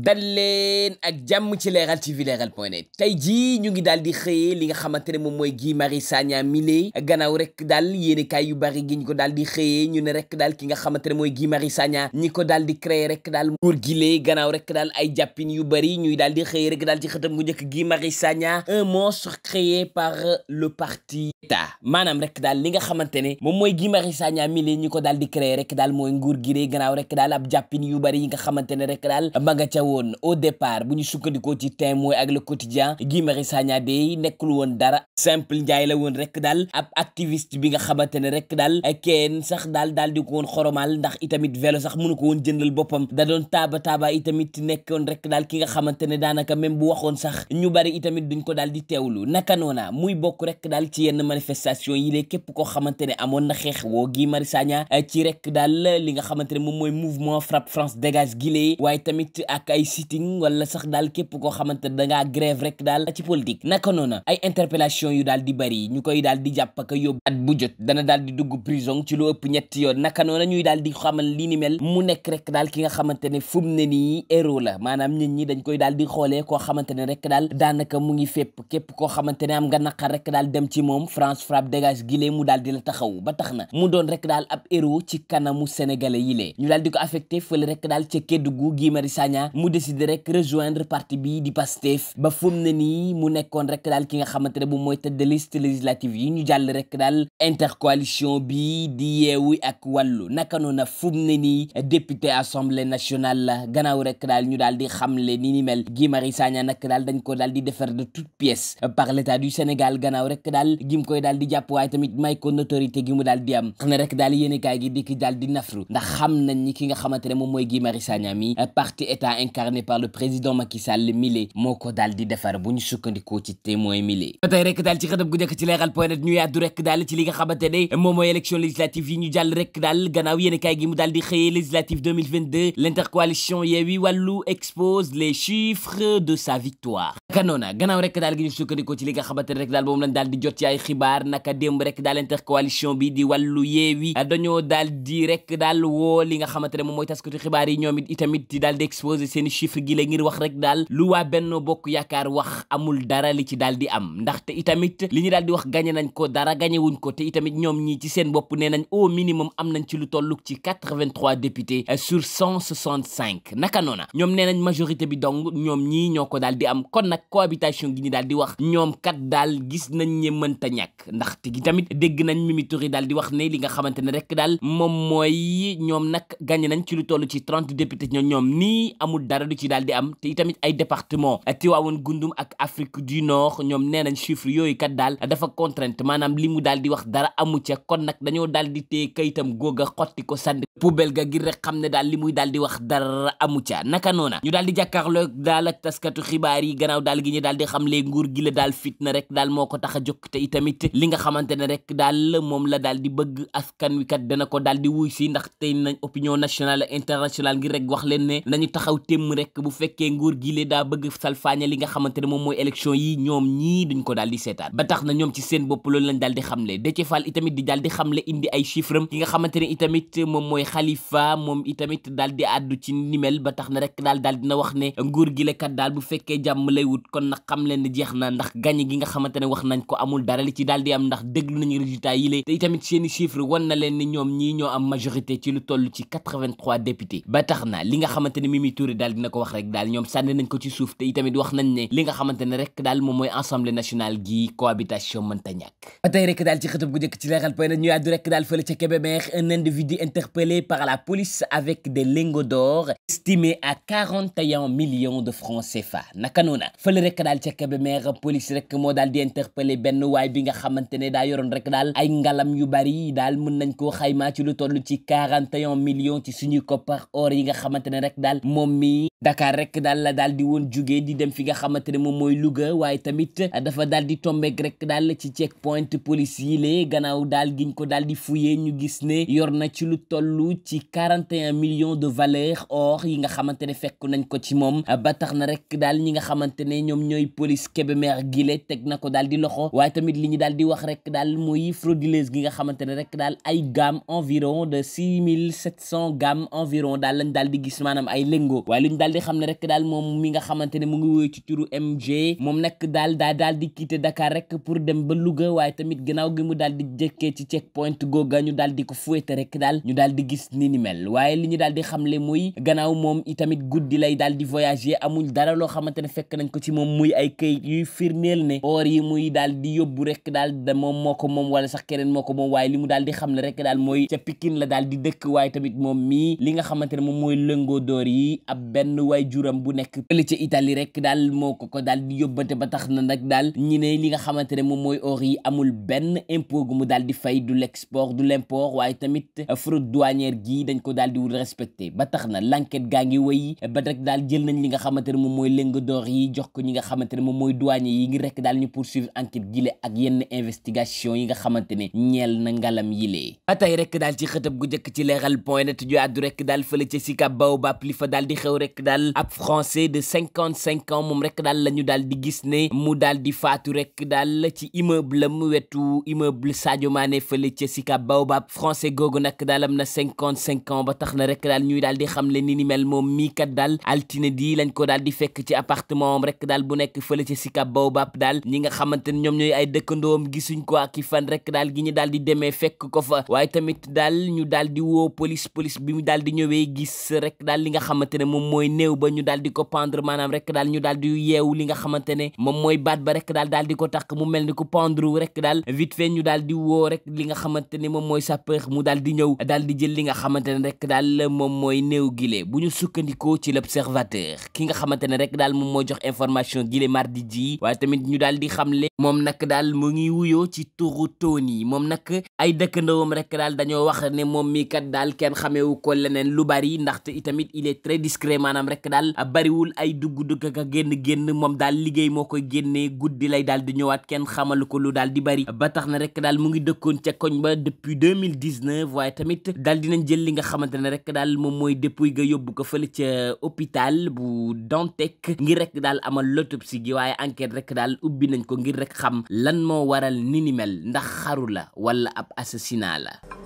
dal leen ak jàmm ci leeral tv leeral point net tey jii ñu ngi daal di xëyee li nga xamante ne moom mooy Guy Marius Sagna mile gannaaw rek daal yéenekaay yu bari gi ñu ko daal di xëyee ñu ne rek daal ki nga xamante ne mooy Guy Marius Sagna ñi ko daal di créé rek daal nguur gilee gannaaw rek daal ay jàppin yu bari ñuy daal di xëyee rek daal ci xëtam gu njëkk Guy Marius Sagna un monstre créé par le parti état maanaam rek daal li nga xamante ne moom mooy Guy Marius Sagna mile ñi ko daal di créé rek daal mooy nguur gilee gannaaw rek daal ab jàppin yu bari yi nga xamante ne rek daal ma nga ca woon au départ bu ñu sukkandikoo ci témoin ak le quotidien Guy Marius Sagna day nekkul woon dara simple njaay la woon rek daal ab bi nga xamante ne rek daal kenn sax daal daal di ko woon xoromal ndax itamit vélo sax mënu ko woon jëndal boppam da doon taaba taaba itamit nekkoon rek daal ki nga xamante ne daanaka même bu waxoon sax ñu bari itamit duñ ko daal di teewlu naka noona muy bokk rek daal ci yenn manifestation yi lée képp koo xamante ne amoon na xeex woo Guy Marius Sagna ci rek daal li nga xamante ne mouvement frappe France dégage gi waaye tamit ak ay sitting wala sax daal képp koo xamante ne dangaa grève daal ci politique naka noona ay interpellation yu daal di bari ñu koy daal di jàpp ak yóbbu at bu jot dana daal di dugg prison ci lu ëpp ñetti yoon naka noona ñuy daal di xamal li mu nekk rek daal ki nga xamante ne fu mu ne nii héros la maanaam nit ñi dañ koy daal di xoolee koo xamante ne daal daanaka mu ngi fépp képp koo xamante am nga naqar rek daal dem ci moom France frappe dégage gile mu daal di la taxaw ba tax na mu doon rek daal ab héros ci kanamu sénégalais yi lee mu décidé rek rejoindre parti bi di Pastef ba fu mu ne nii mu nekkoon rek daal ki nga xamante ne bu mooy tête de liste législative yi ñu jàll rek daal intercoalition bi di yeewu ak wàllu naka noona fu mu ne nii député assemblée nationale la gannaaw rek daal ñu daal di xam le ni mel Guy Marius Sagna nag daal dañ ko daal di defar de toutes pièces par l'état du Sénégal gannaaw rek daal gim koy daal di jàpp waaye tamit may ko notoriété gi mu daal di am na rek daal yéen kaay gi dikki daal di nafru ki nga incarné par le président Macky Sall mile moo ko daal di defar bu ñu sukkandikoo ci témoin mile ba tey ci xëtëb gu njëkk élection législative l'intercoalition Yewwi Wallu expose les chiffres de sa victoire kanoona gannaaw rek gi ñu sukkandikoo ci li nga xamante ne rek daal di jot ci naka démb rek daal intercoalition bi di Wallu Yewwi dañoo daal di rek daal woo nga xamante ne moom mooy taskatu xibaar yi ñoom it di daal chiffre gi la ngir wax rek daal lu waa Benno Bokk Yaakaar wax amul dara li ci daal di am ndaxte itamit li ñu daal di wax gañe nañ ko dara gañe wuñ ko te itamit ñoom ñii ci seen bopp nee nañ au minimum am nañ ci lu tolluk ci 83 députés sur 165 naka noona ñoom nee nañ majorité bi dong ñoom ñii ñoo ko daal di am kon nag cohabitation gi ñu daal di wax ñoom kat daal gis nañ ñe mënta ñàkk ndaxte gi tamit dégg nañ Mimi Touré daal di wax ne li nga xamante ne rek daal moom mooy ñoom nag gañe nañ ci lu toll ci 30 députés ñoom nii amul dara dara du ci daal di am te itamit ay département Tiwaawoon Gundum ak Afrique du Nord ñoom nee nañ chiffre yooyu kat daal li mu daal di wax dara amu ca kon nag dañoo daal di téye kayitam góog a xotti ko sànni ga ngir rek xam ne daal li muy daal di wax dara amu ca naka noona ñu daal di jàkkaarloo daal ak taskatu xibaar yi gannaaw daal gi daal di xam le nguur gi la daal fitna rek daal moo ko tax a te itamit li nga xamante ne rek daal moom la daal di bëgg askan wi kat dana ko daal di wuy si ndax tey nañ opinion nationale internationale ngir rek wax leen ne nañu taxaw témm jëm rek bu fekkee nguur gi lee daa bëgg salfaaña li nga xamante ne moom mooy élection yi ñoom ñii duñ ko daal di seetaan ba tax na ñoom ci seen bopp loolu lañ daal di xamle Déthié itamit di daal di xamle indi ay chiffre ki nga xamante ne itamit moom mooy Khalifa moom itamit daal di àddu ci nimel ba rek daal daal dina nguur gi kat daal bu fekkee jàmm lay wut kon na xam leen ne jeex na ndax gañe gi nga xamante ne wax nañ ko amul dara li ci daal di am ndax déglu nañu résultat yi lée te itamit seeni chiffre wan na leen ni ñoom ñii ñoo am majorité ci lu toll ci 83 députés ba tax na li nga dina ko wax rek daal ñoom sànni nañ ko ci suuf te itamit wax nañ ne li nga xamante ne rek moom mooy assemblée nationale gi cohabitation mënta ñàkk ba tey rek daal ci xëtëb gu ci leeral point ñu daal fële de francs CFA naka noona fële rek daal ca Kébémer police rek moo daal di interpellé benn waay bi nga xamante daa yoroon rek daal ay ngalam yu bari daal mën nañ koo xaymaa ci lu toll ci 41 millions ci suñuy koppar or yi nga xamante ne daal moom nii Dakar rek daal la daal di woon jugee di dem fi nga xamante ne moom mooy Louga waaye tamit dafa daal di tombek rek daal ci check point police yi gannaaw daal giñ ko daal di fuyee ñu gis ne yor na ci lu toll ci 41 millions de valeur or yi nga xamante ne fekk nañ ko ci moom ba tax na rek daal ñi nga xamante ne ñoom ñooy police Kébémer gile teg na ko daal di loxo waaye tamit li ñu daal di wax rek daal mooy frauduleuse gi nga xamante ne rek daal ay gamme environ de 6700 gamme environ daal ñu daal di xam ne rek daal moom mi nga xamante ne mu ngi woy ci turu moom nag daal daa daal di quitté Dakar rek pour dem ba luga waaye tamit gannaaw gi mu daal di jëkkee ci checkpoint ga ñu dal di ko fuete rek daal ñu daal di gis ni ni mel waaye li ñu daal di xam xamle muy gannaaw moom itamit guddi lay daal di voyager amuñ dara loo xamante ne fekk nañ ko ci moom muy ay këyit yuy firndeel ne or yi muy daal di yóbbu rekk daal da moom moo ko moom wala sax keneen moo ko moom waaye li mu daal di xamle rek daal mooy ca Pikine la daal di dëkk waaye tamit moom mii li nga xamante ne moom mooy lëngoo door yi benn ko ko daal di yóbbante ba tax na nag daal ñi ne li nga xamante ne moom mooy di fay ko daal di wul respecté ba tax na l'enquête gaa ngi wéy ba rek daal jël nañ li nga xamante ne moom mooy lëng d'or yi jox ko ñi nga xamante ne moom yi ngir rek daal ñu poursuivre enquête gile ak yenn investigation yi nga xamante ne ñeel na ngalam yilee atay rek daal ci xëtëb gu njëkk ci leeral point net ju àddu rek daal fële ca Sicap Baobab li fa daal di xew rek daal ab français de cinquante cinq ans moom rek daal la ñu daal di gis ne mu daal di faatu rek daal ci immeuble am wetu immeuble Sadio Mané fële ca Sicap Baobab français googu nag daal am na cinquante cinq ans ba tax na rek daal ñuy daal di xam le ni ni mel moom mii kat daal altine di lañ ko daal di fekk ci appartement am rek daal bu nekk fële ca Sicap Baobab daal ñi nga xamante ne ñoom ñooy ay dëkkandoom gisuñ ko ak i fan rek daal gi ñu daal di demee fekk ko fa waaye tamit daal ñu daal di woo police police bi mu daal di ñëwee gis rek daal li nga xamante ne moom mooy néew ba ñu daal di ko pendre maanaam rek daal ñu daal di yeewu li nga xamante ne moom mooy baat ba rek daal daal di ko takk mu mel ni ku pendre rek daal vite fait ñu daal di woo rek li nga xamante ne moom moom mooy jox information gile mardi ji waaye tamit ñu daal di xamle moom nag daal mu ngi wuyoo ci turu Tony moom nag ay dëkkandoom rek daal dañoo wax ne moom mii kat daal kenn xamewu ko leneen lu bari ndaxte itamit il est très discret maanaam rek daal bariwul ay dugg-dugg ak génn-génn moom daal liggéey moo koy génnee guddi lay daal di ñëwaat kenn xamalu ko lu daal di bari ba tax na rek daal mu ngi dëkkoon ca koñ ba depuis 2019 waaye tamit daal dinañ jël li nga xamante ne rek daal moom mooy depuis ga yóbbu ko fële ca hôpital bu Dantec ngir rek daal amal l'autopsie gi waaye enquete rek daal ubbi nañ ko ngir rek xam lan moo waral ni ni mel ndax xaru la wala ab assassinat la